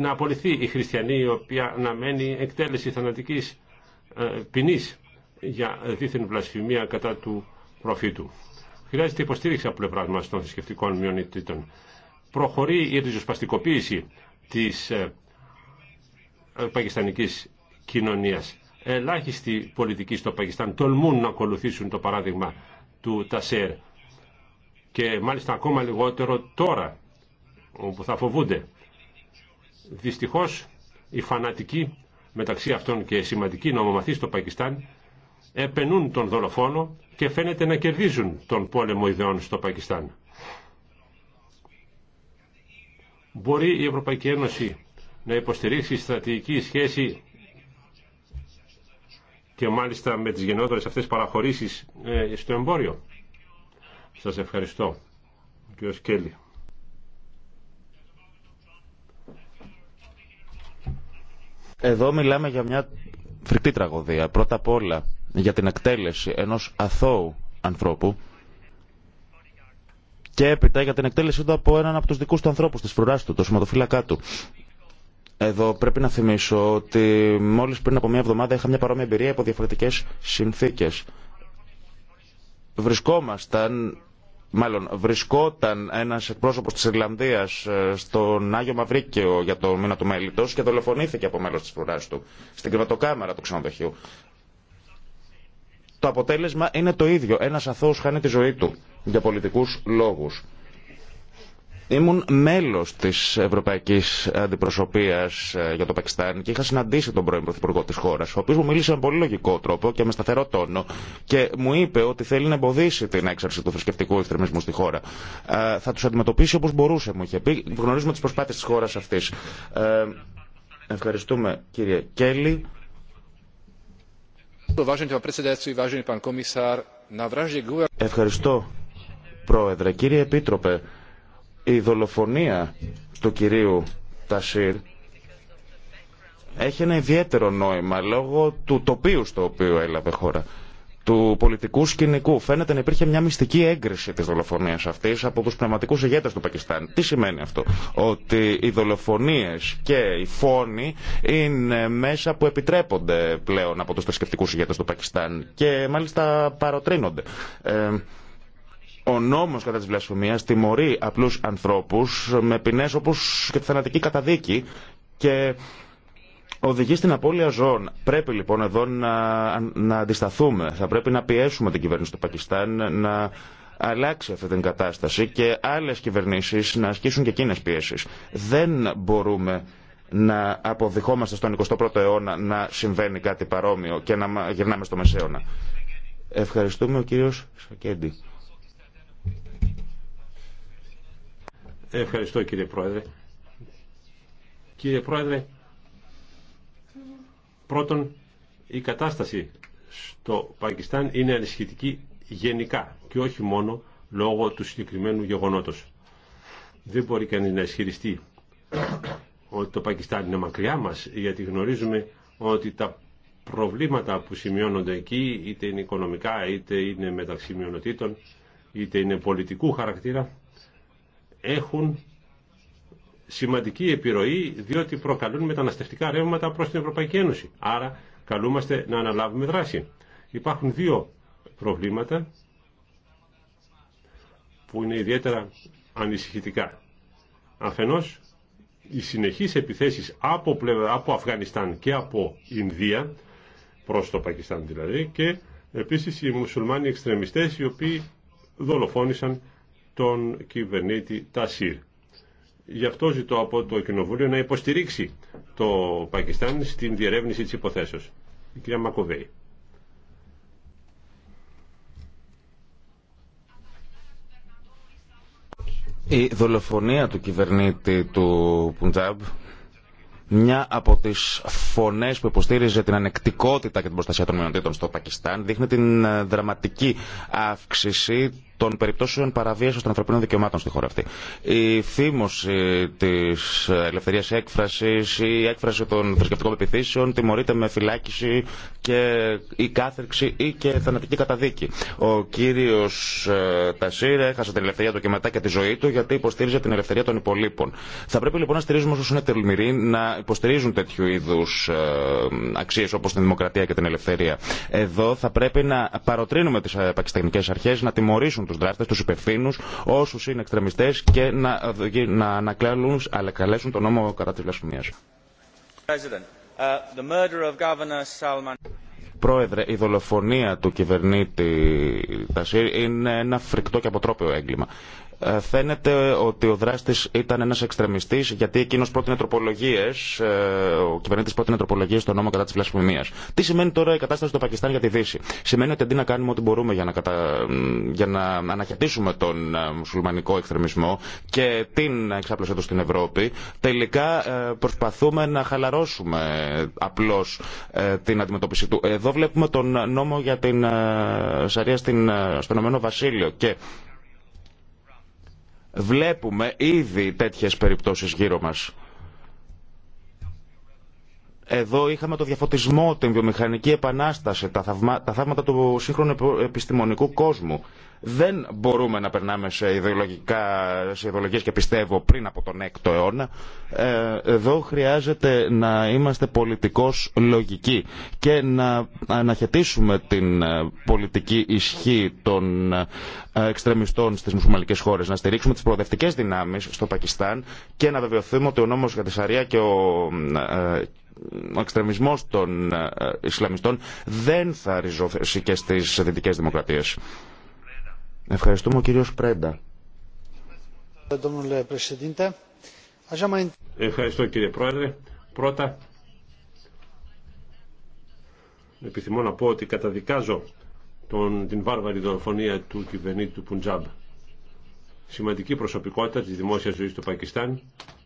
να απολυθεί η χριστιανή η οποία να μένει εκτέλεση θανατικής ε, ποινή για δίθεν βλασφημία κατά του προφήτου. Χρειάζεται υποστήριξη από πλευρά μας των θρησκευτικών μειονιτήτων. Προχωρεί η ριζοσπαστικοποίηση της ε, ε, πακιστανικής κοινωνίας. Ελάχιστοι πολιτικοί στο Πακιστάν τολμούν να ακολουθήσουν το παράδειγμα του Τασέρ και μάλιστα ακόμα λιγότερο τώρα όπου θα φοβούνται. Δυστυχώς οι φανατικοί μεταξύ αυτών και σημαντικοί νομομαθείς στο Πακιστάν επενούν τον δολοφόνο και φαίνεται να κερδίζουν τον πόλεμο ιδεών στο Πακιστάν. Μπορεί η Ευρωπαϊκή Ένωση να υποστηρίξει στρατηγική σχέση και μάλιστα με τις γενναιότερες αυτές παραχωρήσεις ε, στο εμπόριο. Σας ευχαριστώ, κ. Σκέλη. Εδώ μιλάμε για μια φρικτή τραγωδία. Πρώτα απ' όλα για την εκτέλεση ενός αθώου ανθρώπου και έπειτα για την εκτέλεσή του από έναν από τους δικούς του ανθρώπους της φρουράς του, το σωματοφύλακά του. Εδώ πρέπει να θυμίσω ότι μόλις πριν από μια εβδομάδα είχα μια παρόμοια εμπειρία διαφορετικές διαφορετικές συνθήκες. Βρισκόμασταν Μάλλον βρισκόταν ένα εκπρόσωπο της Ιρλανδίας ε, στον Άγιο Μαυρίκαιο για το μήνα του μέλητο και δολοφονήθηκε από μέλος της φρουρά του στην κρεβατοκάμαρα του ξενοδοχείου. Το αποτέλεσμα είναι το ίδιο. Ένας αθώος χάνει τη ζωή του για πολιτικούς λόγους. Ήμουν μέλος της Ευρωπαϊκής Αντιπροσωπείας ε, για το Πακιστάν και είχα συναντήσει τον πρώην Πρωθυπουργό της χώρας, ο οποίος μου μίλησε με πολύ λογικό τρόπο και με σταθερό τόνο και μου είπε ότι θέλει να εμποδίσει την έξαρση του θρησκευτικού εξτρεμισμού στη χώρα. Ε, θα τους αντιμετωπίσει όπως μπορούσε, μου είχε πει. Γνωρίζουμε τις προσπάθειες της χώρας αυτής. Ε, ευχαριστούμε κύριε Κέλλη. Ευχαριστώ, Πρόεδρε. Κύριε Επίτροπε, η δολοφονία του κυρίου Τασίρ έχει ένα ιδιαίτερο νόημα λόγω του τοπίου στο οποίο έλαβε χώρα του πολιτικού σκηνικού. Φαίνεται να υπήρχε μια μυστική έγκριση τη δολοφονία αυτή από του πνευματικού ηγέτε του Πακιστάν. Τι σημαίνει αυτό, Ότι οι δολοφονίε και οι φόνοι είναι μέσα που επιτρέπονται πλέον από του θρησκευτικού ηγέτε του Πακιστάν και μάλιστα παροτρύνονται. Ε, ο νόμος κατά της βλασφημίας τιμωρεί απλούς ανθρώπους με ποινές όπως και τη θανατική καταδίκη και οδηγεί στην απώλεια ζώων. Πρέπει λοιπόν εδώ να, να αντισταθούμε. Θα πρέπει να πιέσουμε την κυβέρνηση του Πακιστάν να αλλάξει αυτή την κατάσταση και άλλες κυβερνήσεις να ασκήσουν και εκείνες πιέσεις. Δεν μπορούμε να αποδειχόμαστε στον 21ο αιώνα να συμβαίνει κάτι παρόμοιο και να γυρνάμε στο μεσαίωνα. Ευχαριστούμε ο κύριος Σακέντη. Ευχαριστώ κύριε Πρόεδρε. Κύριε Πρόεδρε, πρώτον η κατάσταση στο Πακιστάν είναι ανησυχητική γενικά και όχι μόνο λόγω του συγκεκριμένου γεγονότος. Δεν μπορεί κανείς να ισχυριστεί ότι το Πακιστάν είναι μακριά μας γιατί γνωρίζουμε ότι τα προβλήματα που σημειώνονται εκεί είτε είναι οικονομικά είτε είναι μεταξύ μειονοτήτων είτε είναι πολιτικού χαρακτήρα έχουν σημαντική επιρροή διότι προκαλούν μεταναστευτικά ρεύματα προς την Ευρωπαϊκή Ένωση. Άρα καλούμαστε να αναλάβουμε δράση. Υπάρχουν δύο προβλήματα που είναι ιδιαίτερα ανησυχητικά. Αφενός, οι συνεχείς επιθέσεις από, από Αφγανιστάν και από Ινδία, προς το Πακιστάν δηλαδή, και επίσης οι μουσουλμάνοι εξτρεμιστές οι οποίοι δολοφόνησαν τον κυβερνήτη Τασίρ. Γι' αυτό ζητώ από το Κοινοβούλιο να υποστηρίξει το Πακιστάν στην διερεύνηση της υποθέσεως. Η κυρία Μακοβέη. Η δολοφονία του κυβερνήτη του Πουντζάμπ μια από τι φωνέ που υποστήριζε την ανεκτικότητα και την προστασία των μειονοτήτων στο Πακιστάν δείχνει την ε, δραματική αύξηση των περιπτώσεων παραβίαση των ανθρωπίνων δικαιωμάτων στη χώρα αυτή. Η θύμωση τη ελευθερία έκφραση, η η έκφραση των θρησκευτικών επιθήσεων τιμωρείται με φυλάκιση και η κάθερξη ή και θανατική καταδίκη. Ο κύριο ε, Τασίρ έχασε την ελευθερία του και μετά και τη ζωή του γιατί υποστήριζε την ελευθερία των υπολείπων. Θα πρέπει λοιπόν να στηρίζουμε όσου είναι τελμηροί να υποστηρίζουν τέτοιου είδου ε, αξίε όπω την δημοκρατία και την ελευθερία. Εδώ θα πρέπει να παροτρύνουμε τι ε, πακιστανικέ αρχέ να τιμωρήσουν τους του δράστε, του υπευθύνου, όσου είναι εξτρεμιστέ και να, να ανακλάλουν, αλλά καλέσουν τον νόμο κατά τη βλασφημία. Uh, Πρόεδρε, η δολοφονία του κυβερνήτη Τασίρ είναι ένα φρικτό και αποτρόπαιο έγκλημα. Ε, φαίνεται ότι ο δράστη ήταν ένα εξτρεμιστή, γιατί εκείνο πρότεινε τροπολογίε, ε, ο κυβερνήτης πρότεινε τροπολογίε στον νόμο κατά τη βλασφημία. Τι σημαίνει τώρα η κατάσταση του Πακιστάν για τη Δύση. Σημαίνει ότι αντί να κάνουμε ό,τι μπορούμε για να, κατα... για να αναχαιτήσουμε τον ε, μουσουλμανικό εξτρεμισμό και την εξάπλωσή του στην Ευρώπη, τελικά προσπαθούμε να χαλαρώσουμε απλώ την αντιμετώπιση του. Εδώ βλέπουμε τον νόμο για την Σαρία στην... στον Βασίλειο και Βλέπουμε ήδη τέτοιες περιπτώσεις γύρω μας. Εδώ είχαμε το διαφωτισμό, την βιομηχανική επανάσταση, τα, θαύματα του σύγχρονου επιστημονικού κόσμου. Δεν μπορούμε να περνάμε σε, ιδεολογικά, σε ιδεολογίες και πιστεύω πριν από τον 6ο αιώνα. Ε, εδώ χρειάζεται να είμαστε πολιτικώς λογικοί και να αναχαιτήσουμε την ε, πολιτική ισχύ των ε, εξτρεμιστών στις μουσουλμανικές χώρες, να στηρίξουμε τις προοδευτικές δυνάμεις στο Πακιστάν και να βεβαιωθούμε ότι ο νόμος για τη Σαρία και ο ο εξτρεμισμός των Ισλαμιστών δεν θα ριζώσει και στις δυτικές δημοκρατίες. Ευχαριστούμε ο κύριος Πρέντα. Ευχαριστώ κύριε Πρόεδρε. Πρώτα, επιθυμώ να πω ότι καταδικάζω την βάρβαρη δολοφονία του κυβερνήτη του Πουντζάμπ. Σημαντική προσωπικότητα της δημόσιας ζωής του Πακιστάν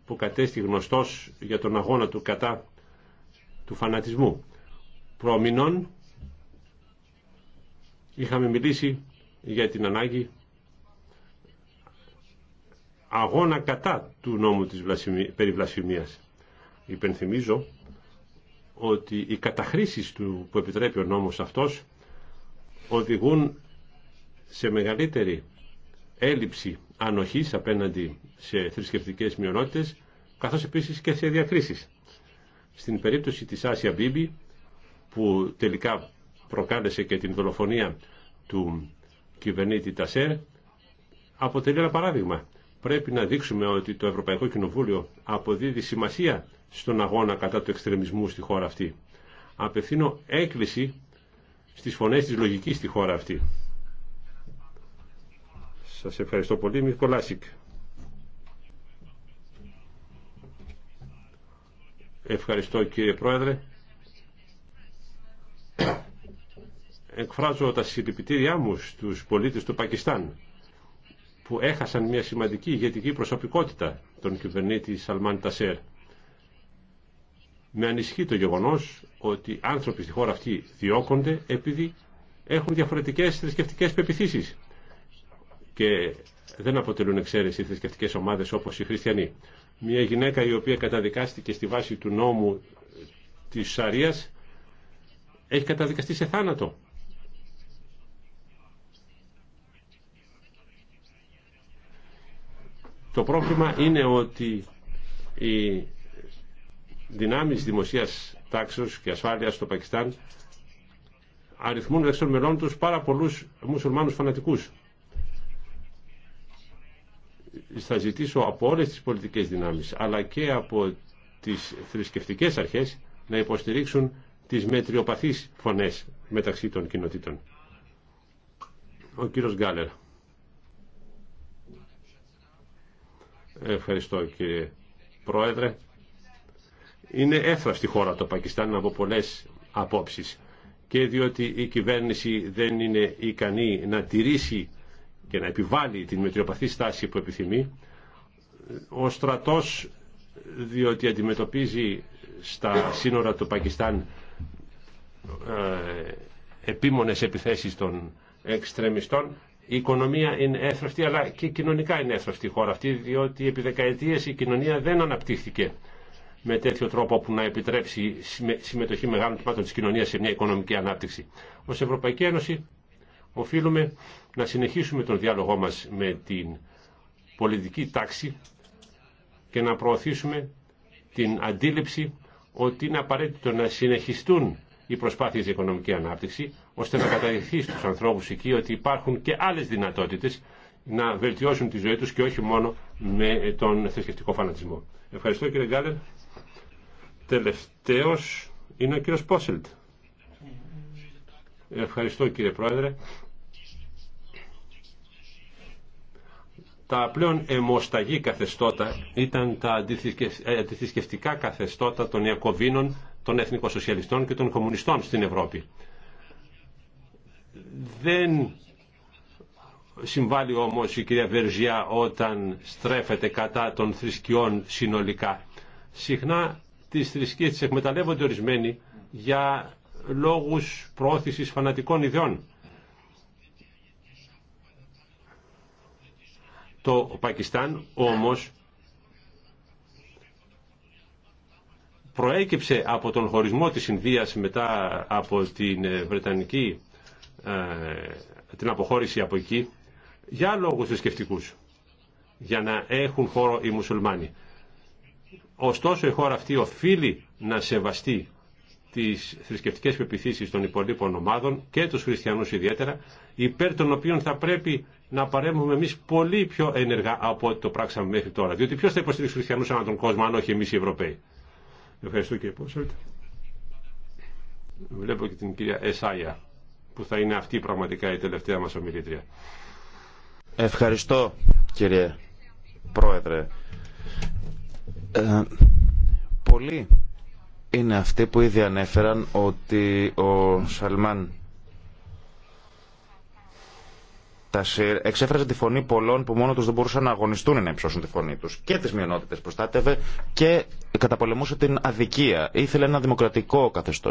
που κατέστη γνωστός για τον αγώνα του κατά του φανατισμού. Προμηνών είχαμε μιλήσει για την ανάγκη αγώνα κατά του νόμου της περί βλασφημίας. Υπενθυμίζω ότι οι καταχρήσεις του που επιτρέπει ο νόμος αυτός οδηγούν σε μεγαλύτερη έλλειψη ανοχής απέναντι σε θρησκευτικές μειονότητες καθώς επίσης και σε διακρίσεις. Στην περίπτωση της Άσια Μπίμπη που τελικά προκάλεσε και την δολοφονία του κυβερνήτη Τασέρ αποτελεί ένα παράδειγμα. Πρέπει να δείξουμε ότι το Ευρωπαϊκό Κοινοβούλιο αποδίδει σημασία στον αγώνα κατά του εξτρεμισμού στη χώρα αυτή. Απευθύνω έκκληση στις φωνές της λογικής στη χώρα αυτή. Σας ευχαριστώ πολύ, Μικολάσικ. Ευχαριστώ κύριε Πρόεδρε. εκφράζω τα συλληπιτήριά μου στους πολίτες του Πακιστάν που έχασαν μια σημαντική ηγετική προσωπικότητα τον κυβερνήτη Σαλμάν Τασέρ. Με ανησυχεί το γεγονός ότι άνθρωποι στη χώρα αυτή διώκονται επειδή έχουν διαφορετικές θρησκευτικέ πεπιθήσεις και δεν αποτελούν εξαίρεση θρησκευτικές θρησκευτικέ ομάδες όπως οι χριστιανοί. Μια γυναίκα η οποία καταδικάστηκε στη βάση του νόμου της Σαρίας έχει καταδικαστεί σε θάνατο Το πρόβλημα είναι ότι οι δυνάμεις δημοσίας τάξεως και ασφάλειας στο Πακιστάν αριθμούν εξών των μελών τους πάρα πολλούς μουσουλμάνους φανατικούς. Θα ζητήσω από όλες τις πολιτικές δυνάμεις αλλά και από τις θρησκευτικές αρχές να υποστηρίξουν τις μετριοπαθείς φωνές μεταξύ των κοινοτήτων. Ο κύριος Γκάλερ. Ευχαριστώ κύριε Πρόεδρε. Είναι έφραστη χώρα το Πακιστάν από πολλές απόψεις και διότι η κυβέρνηση δεν είναι ικανή να τηρήσει και να επιβάλλει την μετριοπαθή στάση που επιθυμεί, ο στρατός διότι αντιμετωπίζει στα σύνορα του Πακιστάν ε, επίμονες επιθέσεις των εξτρεμιστών η οικονομία είναι έθραυτη αλλά και κοινωνικά είναι έθραυτη η χώρα αυτή διότι επί δεκαετίε η κοινωνία δεν αναπτύχθηκε με τέτοιο τρόπο που να επιτρέψει συμμετοχή μεγάλων τμήματων τη κοινωνία σε μια οικονομική ανάπτυξη. Ω Ευρωπαϊκή Ένωση οφείλουμε να συνεχίσουμε τον διάλογό μα με την πολιτική τάξη και να προωθήσουμε την αντίληψη ότι είναι απαραίτητο να συνεχιστούν οι προσπάθειες για οικονομική ανάπτυξη, ώστε να καταδειχθεί στους ανθρώπους εκεί ότι υπάρχουν και άλλες δυνατότητες να βελτιώσουν τη ζωή τους και όχι μόνο με τον θρησκευτικό φανατισμό. Ευχαριστώ κύριε Γκάλερ. Τελευταίος είναι ο κύριος Πόσελτ. Ευχαριστώ κύριε Πρόεδρε. Τα πλέον εμοσταγή καθεστώτα ήταν τα ε, αντιθρησκευτικά καθεστώτα των Ιακωβίνων, των Εθνικοσοσιαλιστών και των Κομμουνιστών στην Ευρώπη. Δεν συμβάλλει όμως η κυρία Βεργιά όταν στρέφεται κατά των θρησκειών συνολικά. Συχνά τις θρησκείες τις εκμεταλλεύονται ορισμένοι για λόγους πρόθεσης φανατικών ιδεών. Το Πακιστάν όμως προέκυψε από τον χωρισμό της Ινδίας μετά από την ε, Βρετανική ε, την αποχώρηση από εκεί για λόγους θρησκευτικού για να έχουν χώρο οι μουσουλμάνοι. Ωστόσο η χώρα αυτή οφείλει να σεβαστεί τις θρησκευτικές πεπιθήσεις των υπολείπων ομάδων και τους χριστιανούς ιδιαίτερα, υπέρ των οποίων θα πρέπει να παρέμβουμε εμείς πολύ πιο ενεργά από ό,τι το πράξαμε μέχρι τώρα. Διότι ποιος θα υποστηρίξει τους χριστιανούς ανά τον κόσμο, αν όχι εμείς οι Ευρωπαίοι. Ευχαριστώ και πώς Βλέπω και την κυρία Εσάγια που θα είναι αυτή πραγματικά η τελευταία μας ομιλήτρια. Ευχαριστώ κύριε Πρόεδρε. Ε, πολλοί είναι αυτοί που ήδη ανέφεραν ότι ο Σαλμάν εξέφραζε τη φωνή πολλών που μόνο του δεν μπορούσαν να αγωνιστούν να υψώσουν τη φωνή του. Και τι μειονότητε προστάτευε και καταπολεμούσε την αδικία. Ήθελε ένα δημοκρατικό καθεστώ.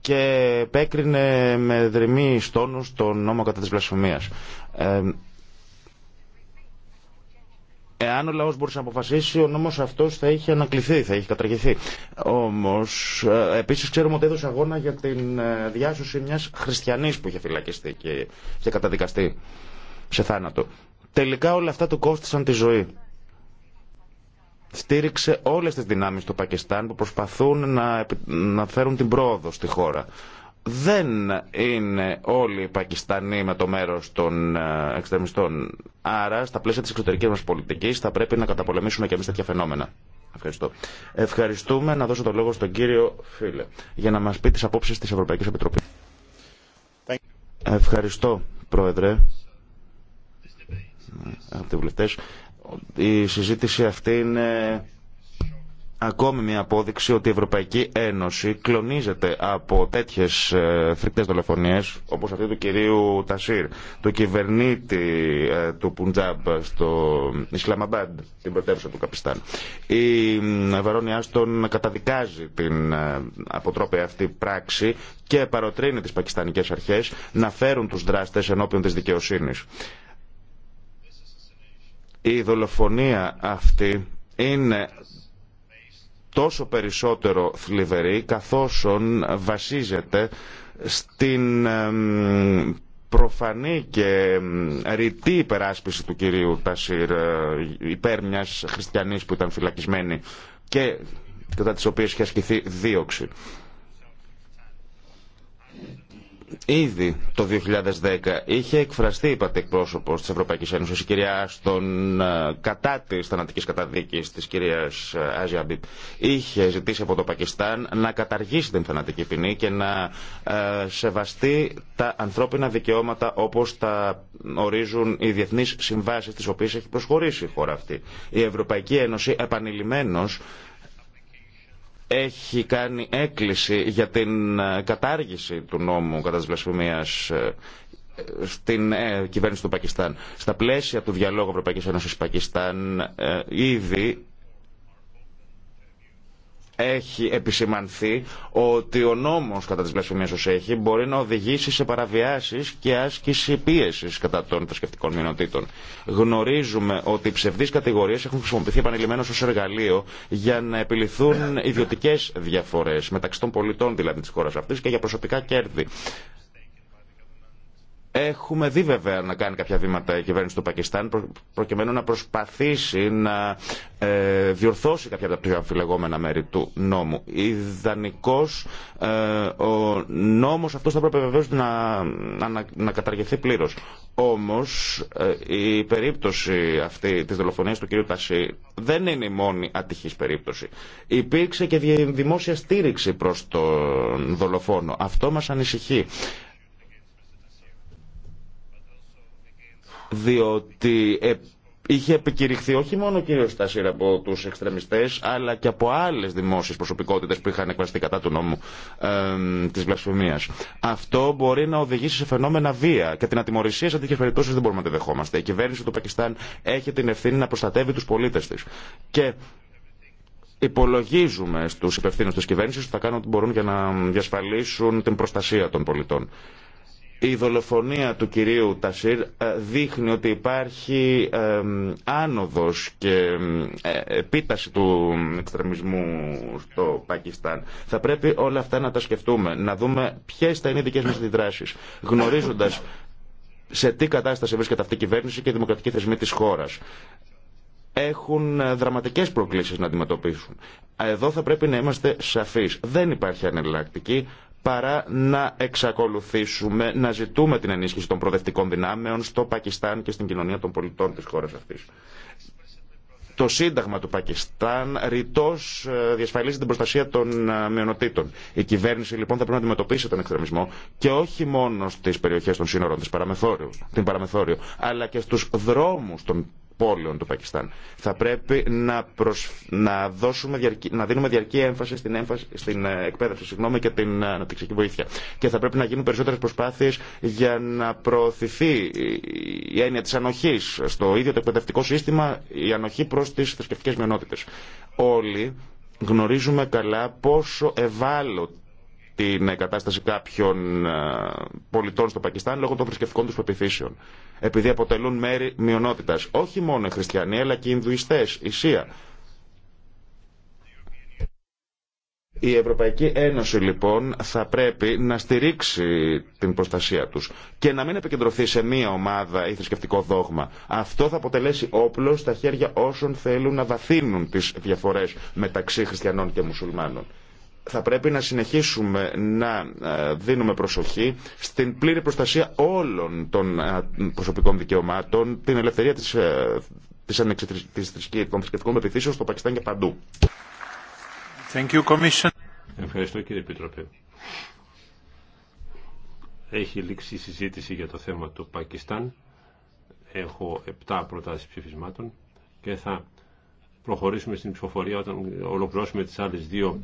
Και επέκρινε με δρυμή στόνου τον νόμο κατά τη βλασφημία. Ε, Εάν ο λαός μπορούσε να αποφασίσει, ο νόμο αυτός θα είχε ανακληθεί, θα είχε καταργηθεί. Όμως, ε, επίση ξέρουμε ότι έδωσε αγώνα για την ε, διάσωση μιας χριστιανής που είχε φυλακιστεί και είχε καταδικαστεί σε θάνατο. Τελικά όλα αυτά του κόστησαν τη ζωή. Στήριξε όλες τις δυνάμεις του Πακιστάν που προσπαθούν να, να φέρουν την πρόοδο στη χώρα δεν είναι όλοι οι Πακιστανοί με το μέρος των ε, εξτρεμιστών. Άρα, στα πλαίσια της εξωτερικής μας πολιτικής, θα πρέπει να καταπολεμήσουμε και εμείς τέτοια φαινόμενα. Ευχαριστώ. Ευχαριστούμε. Να δώσω το λόγο στον κύριο Φίλε για να μας πει τις απόψεις της Ευρωπαϊκής Επιτροπής. Ευχαριστώ, Πρόεδρε. Αγαπητοί βουλευτές, η συζήτηση αυτή είναι ακόμη μια απόδειξη ότι η Ευρωπαϊκή Ένωση κλονίζεται από τέτοιε φρικτέ δολοφονίε όπω αυτή του κυρίου Τασίρ, του κυβερνήτη ε, του Πουντζάμπ στο Ισλαμαμπάντ, την πρωτεύουσα του Καπιστάν. Η Βαρόνια Άστον καταδικάζει την ε, αποτρόπια αυτή πράξη και παροτρύνει τι πακιστανικέ αρχέ να φέρουν του δράστε ενώπιον τη δικαιοσύνη. Η δολοφονία αυτή είναι τόσο περισσότερο θλιβερή καθώς βασίζεται στην προφανή και ρητή υπεράσπιση του κυρίου Τασίρ ε, υπέρ μιας χριστιανής που ήταν φυλακισμένη και κατά τις οποίες είχε ασκηθεί δίωξη. Ήδη το 2010 είχε εκφραστεί, είπατε, εκπρόσωπο τη Ευρωπαϊκή Ένωση, η κυρία Άστον, ε, κατά τη θανατική καταδίκη τη κυρία ε, Άζια Είχε ζητήσει από το Πακιστάν να καταργήσει την θανατική ποινή και να ε, σεβαστεί τα ανθρώπινα δικαιώματα όπω τα ορίζουν οι διεθνεί συμβάσει τι οποίε έχει προσχωρήσει η χώρα αυτή. Η Ευρωπαϊκή Ένωση επανειλημμένω έχει κάνει έκκληση για την ε, κατάργηση του νόμου κατά της βλασφημίας ε, στην ε, κυβέρνηση του Πακιστάν. Στα πλαίσια του διαλόγου Ευρωπαϊκής Ένωσης Πακιστάν ήδη έχει επισημανθεί ότι ο νόμος κατά της βλασφημίας ως έχει μπορεί να οδηγήσει σε παραβιάσεις και άσκηση πίεσης κατά των θρησκευτικών μειονοτήτων. Γνωρίζουμε ότι οι ψευδείς κατηγορίες έχουν χρησιμοποιηθεί επανειλημμένως ως εργαλείο για να επιληθούν ιδιωτικές διαφορές μεταξύ των πολιτών δηλαδή της χώρας αυτής και για προσωπικά κέρδη. Έχουμε δει βέβαια να κάνει κάποια βήματα η κυβέρνηση του Πακιστάν προκειμένου να προσπαθήσει να ε, διορθώσει κάποια από τα πιο αμφιλεγόμενα μέρη του νόμου. Ιδανικώ ε, ο νόμο αυτό θα πρέπει βεβαίω να, να, καταργηθεί πλήρω. Όμω ε, η περίπτωση αυτή τη δολοφονία του κ. Τασί δεν είναι η μόνη ατυχή περίπτωση. Υπήρξε και δημόσια στήριξη προ τον δολοφόνο. Αυτό μα ανησυχεί. διότι ε, είχε επικηρυχθεί όχι μόνο ο κύριος Στασίρα από τους εξτρεμιστές, αλλά και από άλλες δημόσιες προσωπικότητες που είχαν εκβαστεί κατά του νόμου ε, της βλασφημίας. Αυτό μπορεί να οδηγήσει σε φαινόμενα βία και την ατιμορρησία σε τέτοιες περιπτώσεις δεν μπορούμε να τη δεχόμαστε. Η κυβέρνηση του Πακιστάν έχει την ευθύνη να προστατεύει τους πολίτες της. Και υπολογίζουμε στους υπευθύνους της κυβέρνησης ότι θα κάνουν ό,τι μπορούν για να διασφαλίσουν την προστασία των πολιτών. Η δολοφονία του κυρίου Τασίρ ε, δείχνει ότι υπάρχει άνοδος και ε, επίταση του εξτρεμισμού στο Πακιστάν. Θα πρέπει όλα αυτά να τα σκεφτούμε, να δούμε ποιες θα είναι οι δικές μας αντιδράσεις, γνωρίζοντας σε τι κατάσταση βρίσκεται αυτή η κυβέρνηση και οι δημοκρατικοί θεσμοί της χώρας έχουν ε, δραματικές προκλήσεις να αντιμετωπίσουν. Εδώ θα πρέπει να είμαστε σαφείς. Δεν υπάρχει ανελακτική παρά να εξακολουθήσουμε να ζητούμε την ενίσχυση των προοδευτικών δυνάμεων στο Πακιστάν και στην κοινωνία των πολιτών της χώρας αυτής. Το Σύνταγμα του Πακιστάν ρητό ε, διασφαλίζει την προστασία των ε, μειονοτήτων. Η κυβέρνηση λοιπόν θα πρέπει να αντιμετωπίσει τον εξτρεμισμό και όχι μόνο στι περιοχέ των σύνορων της την παραμεθόριο, αλλά και στου δρόμου των πόλεων του Πακιστάν. Θα πρέπει να, να, δώσουμε να δίνουμε διαρκή έμφαση στην, έμφαση... στην ε, εκπαίδευση συγγνώμη, και την ε, αναπτυξιακή βοήθεια. Και θα πρέπει να γίνουν περισσότερε προσπάθειε για να προωθηθεί η έννοια τη ανοχή στο ίδιο το εκπαιδευτικό σύστημα, η ανοχή προ τι θρησκευτικέ μειονότητε. Όλοι γνωρίζουμε καλά πόσο ευάλωτη την κατάσταση κάποιων ε, πολιτών στο Πακιστάν λόγω των θρησκευτικών του πεπιθήσεων. Επειδή αποτελούν μέρη μειονότητα. Όχι μόνο οι χριστιανοί, αλλά και οι Ινδουιστέ, η ΣΥΑ. Η Ευρωπαϊκή Ένωση λοιπόν θα πρέπει να στηρίξει την προστασία τους και να μην επικεντρωθεί σε μία ομάδα ή θρησκευτικό δόγμα. Αυτό θα αποτελέσει όπλο στα χέρια όσων θέλουν να βαθύνουν τις διαφορές μεταξύ χριστιανών και μουσουλμάνων θα πρέπει να συνεχίσουμε να ε, δίνουμε προσοχή στην πλήρη προστασία όλων των ε, προσωπικών δικαιωμάτων, την ελευθερία της, ε, της, της των θρησκευτικών επιθήσεων στο Πακιστάν και παντού. Thank Ευχαριστώ κύριε Επιτροπέ. Έχει λήξει η συζήτηση για το θέμα του Πακιστάν. Έχω επτά προτάσεις ψηφισμάτων και θα προχωρήσουμε στην ψηφοφορία όταν ολοκληρώσουμε τις άλλες δύο